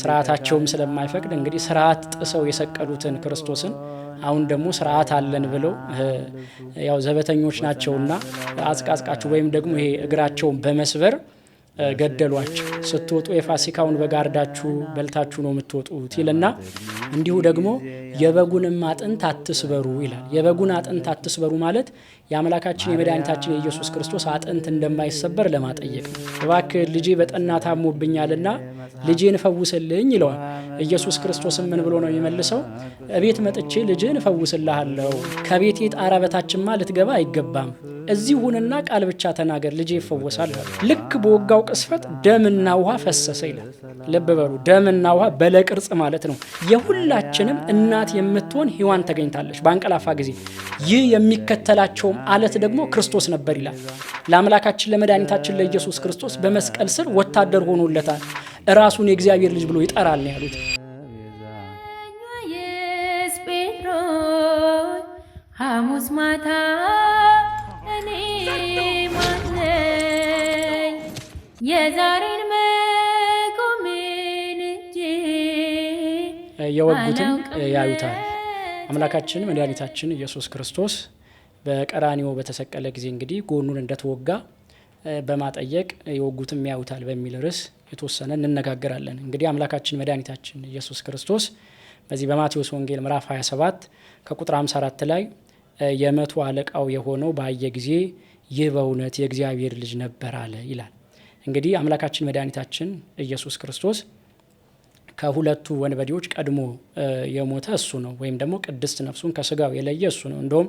ስርዓታቸውም ስለማይፈቅድ እንግዲህ ስርዓት ጥሰው የሰቀሉትን ክርስቶስን አሁን ደግሞ ስርዓት አለን ብለው ያው ዘበተኞች ናቸውና አጽቃጽቃቸው ወይም ደግሞ ይሄ እግራቸውን በመስበር ገደሏቸው። ስትወጡ የፋሲካውን በጋርዳችሁ በልታችሁ ነው የምትወጡት ይልና እንዲሁ ደግሞ የበጉንም አጥንት አትስበሩ ይላል። የበጉን አጥንት አትስበሩ ማለት የአምላካችን የመድኃኒታችን የኢየሱስ ክርስቶስ አጥንት እንደማይሰበር ለማጠየቅ ነው። እባክህ ልጄ በጠና ታሞብኛልና ልጄን ፈውስልኝ ይለዋል። ኢየሱስ ክርስቶስም ምን ብሎ ነው የሚመልሰው? እቤት መጥቼ ልጅን እፈውስልሃለሁ። ከቤቴ ጣራ በታችማ ልትገባ አይገባም። እዚሁንና ቃል ብቻ ተናገር፣ ልጄ ይፈወሳል። ልክ በወጋው በሌላው ቅስፈት ደምና ውሃ ፈሰሰ ይላል። ልብ በሉ ደምና ውሃ በለቅርጽ ማለት ነው። የሁላችንም እናት የምትሆን ሔዋን ተገኝታለች በአንቀላፋ ጊዜ። ይህ የሚከተላቸውም አለት ደግሞ ክርስቶስ ነበር ይላል። ለአምላካችን ለመድኃኒታችን ለኢየሱስ ክርስቶስ በመስቀል ስር ወታደር ሆኖለታል። እራሱን የእግዚአብሔር ልጅ ብሎ ይጠራል ነው ያሉት። ሐሙስ ማታ እኔ የዛሬን እንጂ የወጉትን ያዩታል። አምላካችን መድኃኒታችን ኢየሱስ ክርስቶስ በቀራኒዎ በተሰቀለ ጊዜ እንግዲህ ጎኑን እንደተወጋ በማጠየቅ የወጉትም ያዩታል በሚል ርዕስ የተወሰነ እንነጋገራለን። እንግዲህ አምላካችን መድኃኒታችን ኢየሱስ ክርስቶስ በዚህ በማቴዎስ ወንጌል ምዕራፍ 27 ከቁጥር 54 ላይ የመቶ አለቃው የሆነው ባየ ጊዜ ይህ በእውነት የእግዚአብሔር ልጅ ነበር አለ ይላል። እንግዲህ አምላካችን መድኃኒታችን ኢየሱስ ክርስቶስ ከሁለቱ ወንበዴዎች ቀድሞ የሞተ እሱ ነው፣ ወይም ደግሞ ቅድስት ነፍሱን ከስጋው የለየ እሱ ነው። እንደውም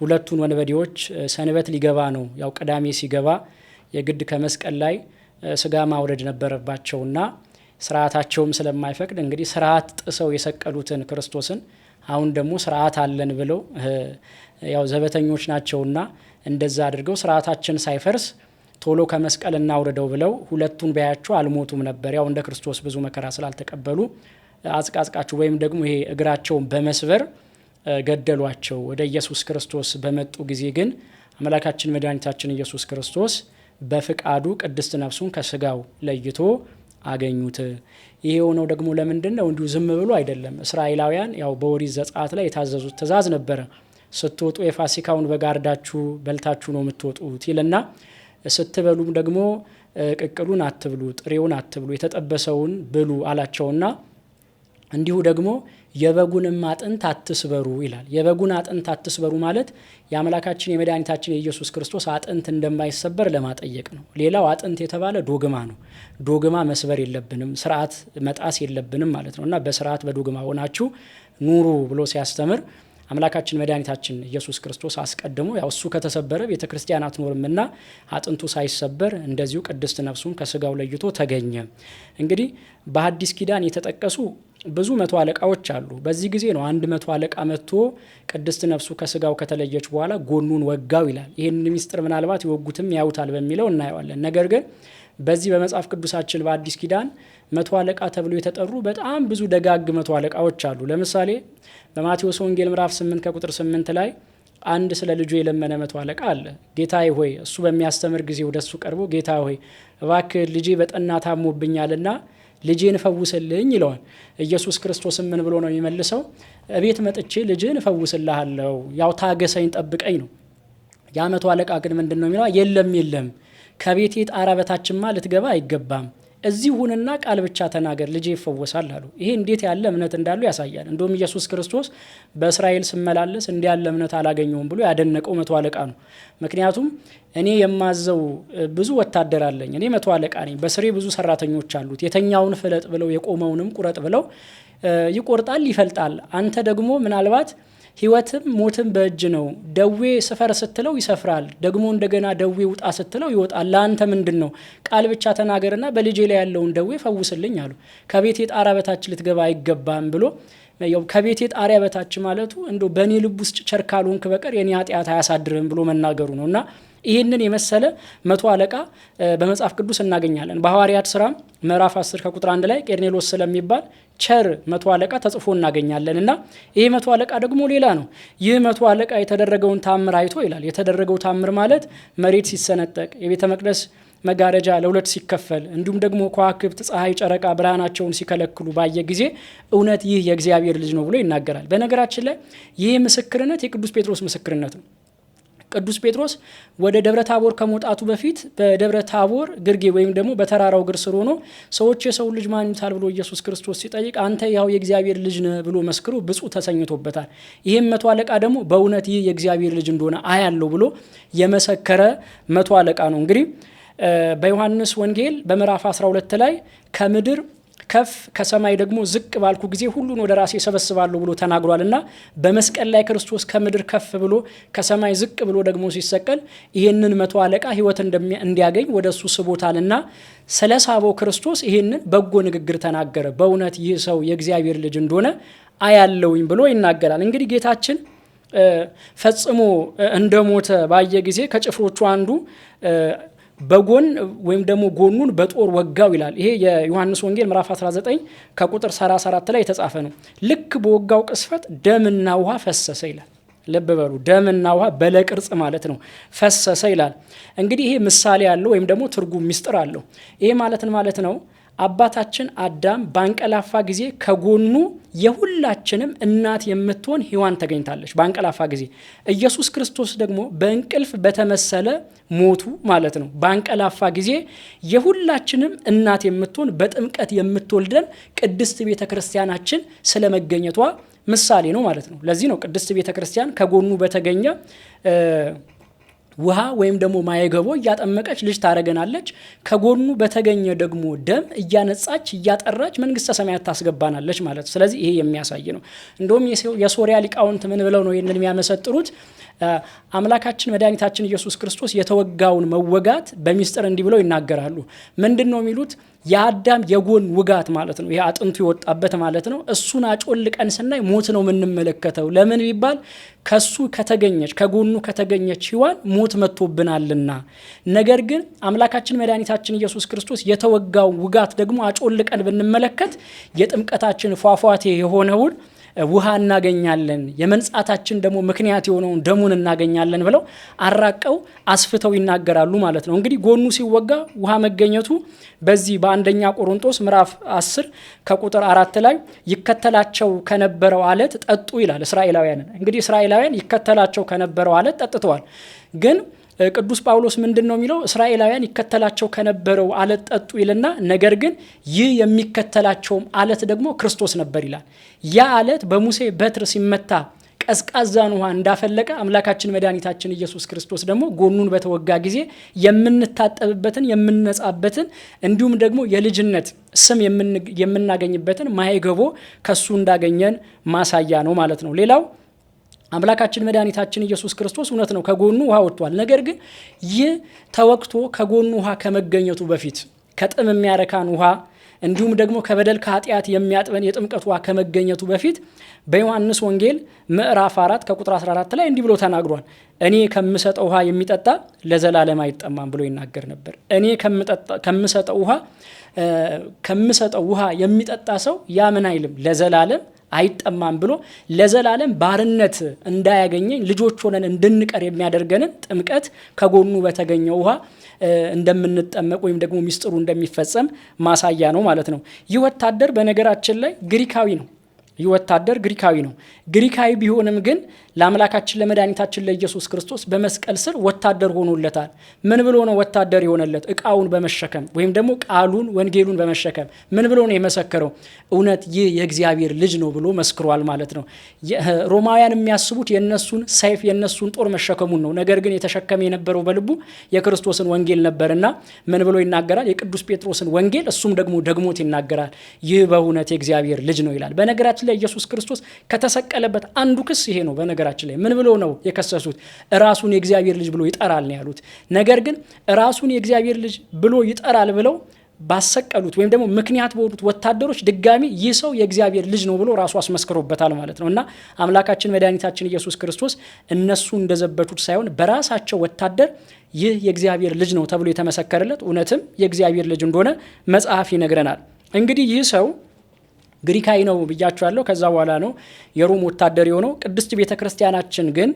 ሁለቱን ወንበዴዎች ሰንበት ሊገባ ነው፣ ያው ቅዳሜ ሲገባ የግድ ከመስቀል ላይ ስጋ ማውረድ ነበረባቸውና ስርዓታቸውም ስለማይፈቅድ እንግዲህ ስርዓት ጥሰው የሰቀሉትን ክርስቶስን አሁን ደግሞ ስርዓት አለን ብለው ያው ዘበተኞች ናቸውና እንደዛ አድርገው ስርዓታችን ሳይፈርስ ቶሎ ከመስቀል እናውርደው ብለው ሁለቱን ቢያያቸው አልሞቱም ነበር። ያው እንደ ክርስቶስ ብዙ መከራ ስላልተቀበሉ አጽቃጽቃችሁ ወይም ደግሞ ይሄ እግራቸውን በመስበር ገደሏቸው። ወደ ኢየሱስ ክርስቶስ በመጡ ጊዜ ግን አምላካችን መድኃኒታችን ኢየሱስ ክርስቶስ በፍቃዱ ቅድስት ነፍሱን ከስጋው ለይቶ አገኙት። ይሄ የሆነው ደግሞ ለምንድን ነው? እንዲሁ ዝም ብሎ አይደለም። እስራኤላውያን ያው በኦሪት ዘጸአት ላይ የታዘዙት ትእዛዝ ነበረ። ስትወጡ የፋሲካውን በጋርዳችሁ በልታችሁ ነው የምትወጡት ይልና ስትበሉም ደግሞ ቅቅሉን አትብሉ፣ ጥሬውን አትብሉ፣ የተጠበሰውን ብሉ አላቸውና እንዲሁ ደግሞ የበጉንም አጥንት አትስበሩ ይላል። የበጉን አጥንት አትስበሩ ማለት የአምላካችን የመድኃኒታችን የኢየሱስ ክርስቶስ አጥንት እንደማይሰበር ለማጠየቅ ነው። ሌላው አጥንት የተባለ ዶግማ ነው። ዶግማ መስበር የለብንም፣ ስርዓት መጣስ የለብንም ማለት ነው እና በስርዓት በዶግማ ሆናችሁ ኑሩ ብሎ ሲያስተምር አምላካችን መድኃኒታችን ኢየሱስ ክርስቶስ አስቀድሞ ያው እሱ ከተሰበረ ቤተ ክርስቲያን አትኖርምና አጥንቱ ሳይሰበር እንደዚሁ ቅድስት ነፍሱን ከስጋው ለይቶ ተገኘ። እንግዲህ በሐዲስ ኪዳን የተጠቀሱ ብዙ መቶ አለቃዎች አሉ። በዚህ ጊዜ ነው አንድ መቶ አለቃ መጥቶ ቅድስት ነፍሱ ከስጋው ከተለየች በኋላ ጎኑን ወጋው ይላል። ይህን ሚስጥር ምናልባት ይወጉትም ያዩታል በሚለው እናየዋለን። ነገር ግን በዚህ በመጽሐፍ ቅዱሳችን በአዲስ ኪዳን መቶ አለቃ ተብሎ የተጠሩ በጣም ብዙ ደጋግ መቶ አለቃዎች አሉ። ለምሳሌ በማቴዎስ ወንጌል ምዕራፍ 8 ከቁጥር 8 ላይ አንድ ስለ ልጁ የለመነ መቶ አለቃ አለ። ጌታዬ ሆይ እሱ በሚያስተምር ጊዜ ወደ እሱ ቀርቦ ጌታ ሆይ እባክህ ልጄ በጠና ታሞብኛልና ልጄን እፈውስልኝ ይለዋል። ኢየሱስ ክርስቶስ ምን ብሎ ነው የሚመልሰው? እቤት መጥቼ ልጅን እፈውስልሃለሁ፣ ያው ታገሰኝ፣ ጠብቀኝ ነው። ያ አለቃ ግን ምንድን ነው የሚለው? የለም የለም፣ ከቤቴ ጣራ በታችማ ልትገባ አይገባም እዚህ ሁንና ቃል ብቻ ተናገር ልጄ ይፈወሳል አሉ። ይሄ እንዴት ያለ እምነት እንዳለው ያሳያል። እንደውም ኢየሱስ ክርስቶስ በእስራኤል ስመላለስ እንዲህ ያለ እምነት አላገኘውም ብሎ ያደነቀው መቶ አለቃ ነው። ምክንያቱም እኔ የማዘው ብዙ ወታደር አለኝ፣ እኔ መቶ አለቃ ነኝ፣ በስሬ ብዙ ሰራተኞች አሉት። የተኛውን ፍለጥ ብለው የቆመውንም ቁረጥ ብለው ይቆርጣል፣ ይፈልጣል። አንተ ደግሞ ምናልባት ሕይወትም ሞትም በእጅ ነው። ደዌ ስፈር ስትለው ይሰፍራል፣ ደግሞ እንደገና ደዌ ውጣ ስትለው ይወጣል። ለአንተ ምንድን ነው? ቃል ብቻ ተናገርና በልጄ ላይ ያለውን ደዌ ፈውስልኝ አሉ። ከቤቴ ጣራ በታች ልትገባ አይገባም ብሎ ያው ከቤቴ ጣሪያ በታች ማለቱ እንዶ በእኔ ልብ ውስጥ ቸር ካልሆንክ በቀር የኔ ኃጢአት አያሳድርም ብሎ መናገሩ ነው እና ይህንን የመሰለ መቶ አለቃ በመጽሐፍ ቅዱስ እናገኛለን። በሐዋርያት ስራ ምዕራፍ 10 ከቁጥር 1 ላይ ቄርኔሎስ ስለሚባል ቸር መቶ አለቃ ተጽፎ እናገኛለን እና ይህ መቶ አለቃ ደግሞ ሌላ ነው። ይህ መቶ አለቃ የተደረገውን ታምር አይቶ ይላል። የተደረገው ታምር ማለት መሬት ሲሰነጠቅ፣ የቤተ መቅደስ መጋረጃ ለሁለት ሲከፈል፣ እንዲሁም ደግሞ ከዋክብት፣ ፀሐይ፣ ጨረቃ ብርሃናቸውን ሲከለክሉ ባየ ጊዜ እውነት ይህ የእግዚአብሔር ልጅ ነው ብሎ ይናገራል። በነገራችን ላይ ይህ ምስክርነት የቅዱስ ጴጥሮስ ምስክርነት ነው። ቅዱስ ጴጥሮስ ወደ ደብረ ታቦር ከመውጣቱ በፊት በደብረ ታቦር ግርጌ ወይም ደግሞ በተራራው ግር ስር ሆኖ ሰዎች የሰው ልጅ ማን ይሉታል ብሎ ኢየሱስ ክርስቶስ ሲጠይቅ አንተ ያው የእግዚአብሔር ልጅ ነህ ብሎ መስክሮ ብፁ ተሰኝቶበታል። ይህም መቶ አለቃ ደግሞ በእውነት ይህ የእግዚአብሔር ልጅ እንደሆነ አያለው ብሎ የመሰከረ መቶ አለቃ ነው። እንግዲህ በዮሐንስ ወንጌል በምዕራፍ 12 ላይ ከምድር ከፍ ከሰማይ ደግሞ ዝቅ ባልኩ ጊዜ ሁሉን ወደ ራሴ ሰበስባለሁ ብሎ ተናግሯል እና በመስቀል ላይ ክርስቶስ ከምድር ከፍ ብሎ ከሰማይ ዝቅ ብሎ ደግሞ ሲሰቀል ይህንን መቶ አለቃ ህይወት እንዲያገኝ ወደ እሱ ስቦታልና ስለ ሳበው ክርስቶስ ይህንን በጎ ንግግር ተናገረ። በእውነት ይህ ሰው የእግዚአብሔር ልጅ እንደሆነ አያለውኝ ብሎ ይናገራል። እንግዲህ ጌታችን ፈጽሞ እንደሞተ ባየ ጊዜ ከጭፍሮቹ አንዱ በጎን ወይም ደግሞ ጎኑን በጦር ወጋው ይላል። ይሄ የዮሐንስ ወንጌል ምዕራፍ 19 ከቁጥር 34 ላይ የተጻፈ ነው። ልክ በወጋው ቅስፈት ደምና ውሃ ፈሰሰ ይላል። ልብ በሉ ደምና ውሃ በለቅርጽ ማለት ነው። ፈሰሰ ይላል። እንግዲህ ይሄ ምሳሌ አለው ወይም ደግሞ ትርጉም ሚስጥር አለው። ይሄ ማለትን ማለት ነው አባታችን አዳም ባንቀላፋ ጊዜ ከጎኑ የሁላችንም እናት የምትሆን ሔዋን ተገኝታለች። ባንቀላፋ ጊዜ ኢየሱስ ክርስቶስ ደግሞ በእንቅልፍ በተመሰለ ሞቱ ማለት ነው። ባንቀላፋ ጊዜ የሁላችንም እናት የምትሆን በጥምቀት የምትወልደን ቅድስት ቤተ ክርስቲያናችን ስለመገኘቷ ምሳሌ ነው ማለት ነው። ለዚህ ነው ቅድስት ቤተ ክርስቲያን ከጎኑ በተገኘ ውሃ ወይም ደግሞ ማየገቦ እያጠመቀች ልጅ ታደረገናለች። ከጎኑ በተገኘ ደግሞ ደም እያነጻች እያጠራች መንግስተ ሰማያት ታስገባናለች ማለት ነው። ስለዚህ ይሄ የሚያሳይ ነው። እንደውም የሶሪያ ሊቃውንት ምን ብለው ነው ይህንን የሚያመሰጥሩት? አምላካችን መድኃኒታችን ኢየሱስ ክርስቶስ የተወጋውን መወጋት በሚስጥር እንዲህ ብለው ይናገራሉ። ምንድን ነው የሚሉት? የአዳም የጎን ውጋት ማለት ነው። ይሄ አጥንቱ የወጣበት ማለት ነው። እሱን አጮልቀን ስናይ ሞት ነው የምንመለከተው። ለምን ቢባል ከሱ ከተገኘች ከጎኑ ከተገኘች ሔዋን ሞት መጥቶብናልና። ነገር ግን አምላካችን መድኃኒታችን ኢየሱስ ክርስቶስ የተወጋው ውጋት ደግሞ አጮልቀን ብንመለከት የጥምቀታችን ፏፏቴ የሆነውን ውሃ እናገኛለን፣ የመንጻታችን ደግሞ ምክንያት የሆነውን ደሙን እናገኛለን ብለው አራቀው አስፍተው ይናገራሉ ማለት ነው። እንግዲህ ጎኑ ሲወጋ ውሃ መገኘቱ በዚህ በአንደኛ ቆሮንጦስ ምዕራፍ 10 ከቁጥር አራት ላይ ይከተላቸው ከነበረው አለት ጠጡ ይላል። እስራኤላውያንን እንግዲህ እስራኤላውያን ይከተላቸው ከነበረው አለት ጠጥተዋል ግን ቅዱስ ጳውሎስ ምንድን ነው የሚለው? እስራኤላውያን ይከተላቸው ከነበረው አለት ጠጡ ይልና ነገር ግን ይህ የሚከተላቸውም አለት ደግሞ ክርስቶስ ነበር ይላል። ያ አለት በሙሴ በትር ሲመታ ቀዝቃዛን ውሃ እንዳፈለቀ አምላካችን መድኃኒታችን ኢየሱስ ክርስቶስ ደግሞ ጎኑን በተወጋ ጊዜ የምንታጠብበትን የምንነጻበትን እንዲሁም ደግሞ የልጅነት ስም የምናገኝበትን ማይገቦ ከሱ እንዳገኘን ማሳያ ነው ማለት ነው። ሌላው አምላካችን መድኃኒታችን ኢየሱስ ክርስቶስ እውነት ነው ከጎኑ ውሃ ወጥቷል። ነገር ግን ይህ ተወቅቶ ከጎኑ ውሃ ከመገኘቱ በፊት ከጥም የሚያረካን ውሃ እንዲሁም ደግሞ ከበደል ከኃጢአት የሚያጥበን የጥምቀት ውሃ ከመገኘቱ በፊት በዮሐንስ ወንጌል ምዕራፍ 4 ከቁጥር 14 ላይ እንዲህ ብሎ ተናግሯል። እኔ ከምሰጠው ውሃ የሚጠጣ ለዘላለም አይጠማም ብሎ ይናገር ነበር። እኔ ከምሰጠው ውሃ ከምሰጠው ውሃ የሚጠጣ ሰው ያምን አይልም ለዘላለም አይጠማም ብሎ ለዘላለም ባርነት እንዳያገኘኝ ልጆች ሆነን እንድንቀር የሚያደርገንን ጥምቀት ከጎኑ በተገኘ ውሃ እንደምንጠመቅ ወይም ደግሞ ሚስጥሩ እንደሚፈጸም ማሳያ ነው ማለት ነው። ይህ ወታደር በነገራችን ላይ ግሪካዊ ነው። ይህ ወታደር ግሪካዊ ነው። ግሪካዊ ቢሆንም ግን ለአምላካችን ለመድኃኒታችን ለኢየሱስ ክርስቶስ በመስቀል ስር ወታደር ሆኖለታል። ምን ብሎ ነው ወታደር የሆነለት? እቃውን በመሸከም ወይም ደግሞ ቃሉን ወንጌሉን በመሸከም ምን ብሎ ነው የመሰከረው? እውነት ይህ የእግዚአብሔር ልጅ ነው ብሎ መስክሯል ማለት ነው። ሮማውያን የሚያስቡት የነሱን ሰይፍ የነሱን ጦር መሸከሙን ነው። ነገር ግን የተሸከመ የነበረው በልቡ የክርስቶስን ወንጌል ነበርና ምን ብሎ ይናገራል? የቅዱስ ጴጥሮስን ወንጌል እሱም ደግሞ ደግሞት ይናገራል። ይህ በእውነት የእግዚአብሔር ልጅ ነው ይላል። በነገራችን ላይ ኢየሱስ ክርስቶስ ከተሰቀለበት አንዱ ክስ ይሄ ነው። በነገራችን ላይ ምን ብሎ ነው የከሰሱት? ራሱን የእግዚአብሔር ልጅ ብሎ ይጠራል ነው ያሉት። ነገር ግን ራሱን የእግዚአብሔር ልጅ ብሎ ይጠራል ብለው ባሰቀሉት ወይም ደግሞ ምክንያት በሆኑት ወታደሮች ድጋሚ ይህ ሰው የእግዚአብሔር ልጅ ነው ብሎ ራሱ አስመስክሮበታል ማለት ነው። እና አምላካችን መድኃኒታችን ኢየሱስ ክርስቶስ እነሱ እንደዘበቱት ሳይሆን በራሳቸው ወታደር ይህ የእግዚአብሔር ልጅ ነው ተብሎ የተመሰከረለት እውነትም የእግዚአብሔር ልጅ እንደሆነ መጽሐፍ ይነግረናል። እንግዲህ ይህ ሰው ግሪካዊ ነው ብያችኋለሁ። ከዛ በኋላ ነው የሮም ወታደር የሆነው። ቅድስት ቤተ ክርስቲያናችን ግን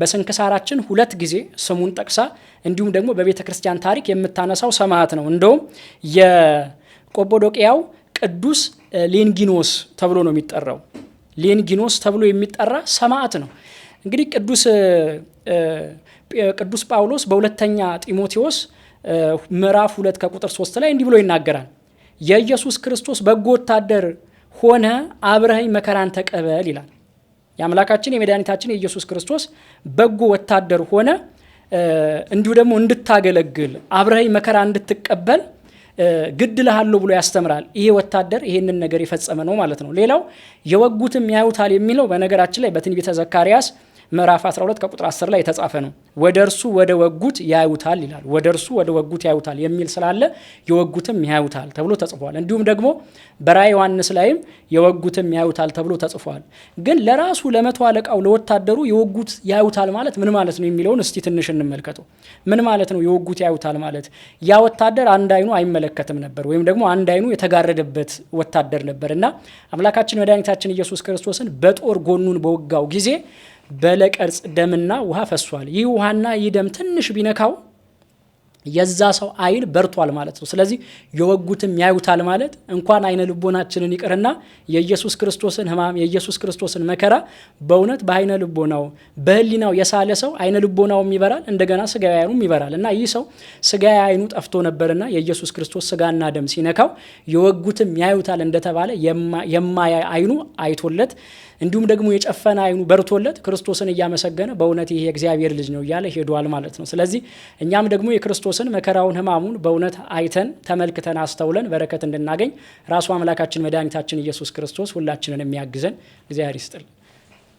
በስንክሳራችን ሁለት ጊዜ ስሙን ጠቅሳ እንዲሁም ደግሞ በቤተ ክርስቲያን ታሪክ የምታነሳው ሰማዕት ነው። እንደውም የቆጶዶቅያው ቅዱስ ሌንጊኖስ ተብሎ ነው የሚጠራው። ሌንጊኖስ ተብሎ የሚጠራ ሰማዕት ነው። እንግዲህ ቅዱስ ቅዱስ ጳውሎስ በሁለተኛ ጢሞቴዎስ ምዕራፍ ሁለት ከቁጥር ሶስት ላይ እንዲህ ብሎ ይናገራል የኢየሱስ ክርስቶስ በጎ ወታደር ሆነ አብረኸኝ መከራን ተቀበል ይላል። የአምላካችን የመድኃኒታችን የኢየሱስ ክርስቶስ በጎ ወታደር ሆነ እንዲሁ ደግሞ እንድታገለግል አብረኸኝ መከራ እንድትቀበል ግድ ልሃለሁ ብሎ ያስተምራል። ይሄ ወታደር ይሄንን ነገር የፈጸመ ነው ማለት ነው። ሌላው የወጉትም ያዩታል የሚለው በነገራችን ላይ በትንቢተ ዘካርያስ ምዕራፍ 12 ከቁጥር 10 ላይ የተጻፈ ነው። ወደ እርሱ ወደ ወጉት ያዩታል ይላል። ወደ እርሱ ወደ ወጉት ያዩታል የሚል ስላለ የወጉትም ያዩታል ተብሎ ተጽፏል። እንዲሁም ደግሞ በራእየ ዮሐንስ ላይም የወጉትም ያዩታል ተብሎ ተጽፏል። ግን ለራሱ ለመቶ አለቃው ለወታደሩ የወጉት ያዩታል ማለት ምን ማለት ነው የሚለውን እስቲ ትንሽ እንመልከተው። ምን ማለት ነው የወጉት ያዩታል ማለት? ያ ወታደር አንድ አይኑ አይመለከትም ነበር፣ ወይም ደግሞ አንድ አይኑ የተጋረደበት ወታደር ነበር እና አምላካችን መድኃኒታችን ኢየሱስ ክርስቶስን በጦር ጎኑን በወጋው ጊዜ በለቀርጽ ደምና ውሃ ፈሷል። ይህ ውሃና ይህ ደም ትንሽ ቢነካው የዛ ሰው አይን በርቷል ማለት ነው። ስለዚህ የወጉትም ያዩታል ማለት እንኳን አይነ ልቦናችንን ይቅርና የኢየሱስ ክርስቶስን ሕማም የኢየሱስ ክርስቶስን መከራ በእውነት በአይነ ልቦናው በህሊናው የሳለ ሰው አይነ ልቦናውም ይበራል፣ እንደገና ስጋ አይኑም ይበራል እና ይህ ሰው ስጋ አይኑ ጠፍቶ ነበርና የኢየሱስ ክርስቶስ ስጋና ደም ሲነካው የወጉትም ያዩታል እንደተባለ የማያ አይኑ አይቶለት እንዲሁም ደግሞ የጨፈነ አይኑ በርቶለት ክርስቶስን እያመሰገነ በእውነት ይሄ የእግዚአብሔር ልጅ ነው እያለ ሄዷል ማለት ነው። ስለዚህ እኛም ደግሞ የክርስቶስን መከራውን ሕማሙን በእውነት አይተን ተመልክተን አስተውለን በረከት እንድናገኝ ራሱ አምላካችን መድኃኒታችን ኢየሱስ ክርስቶስ ሁላችንን የሚያግዘን እግዚአብሔር ይስጥል።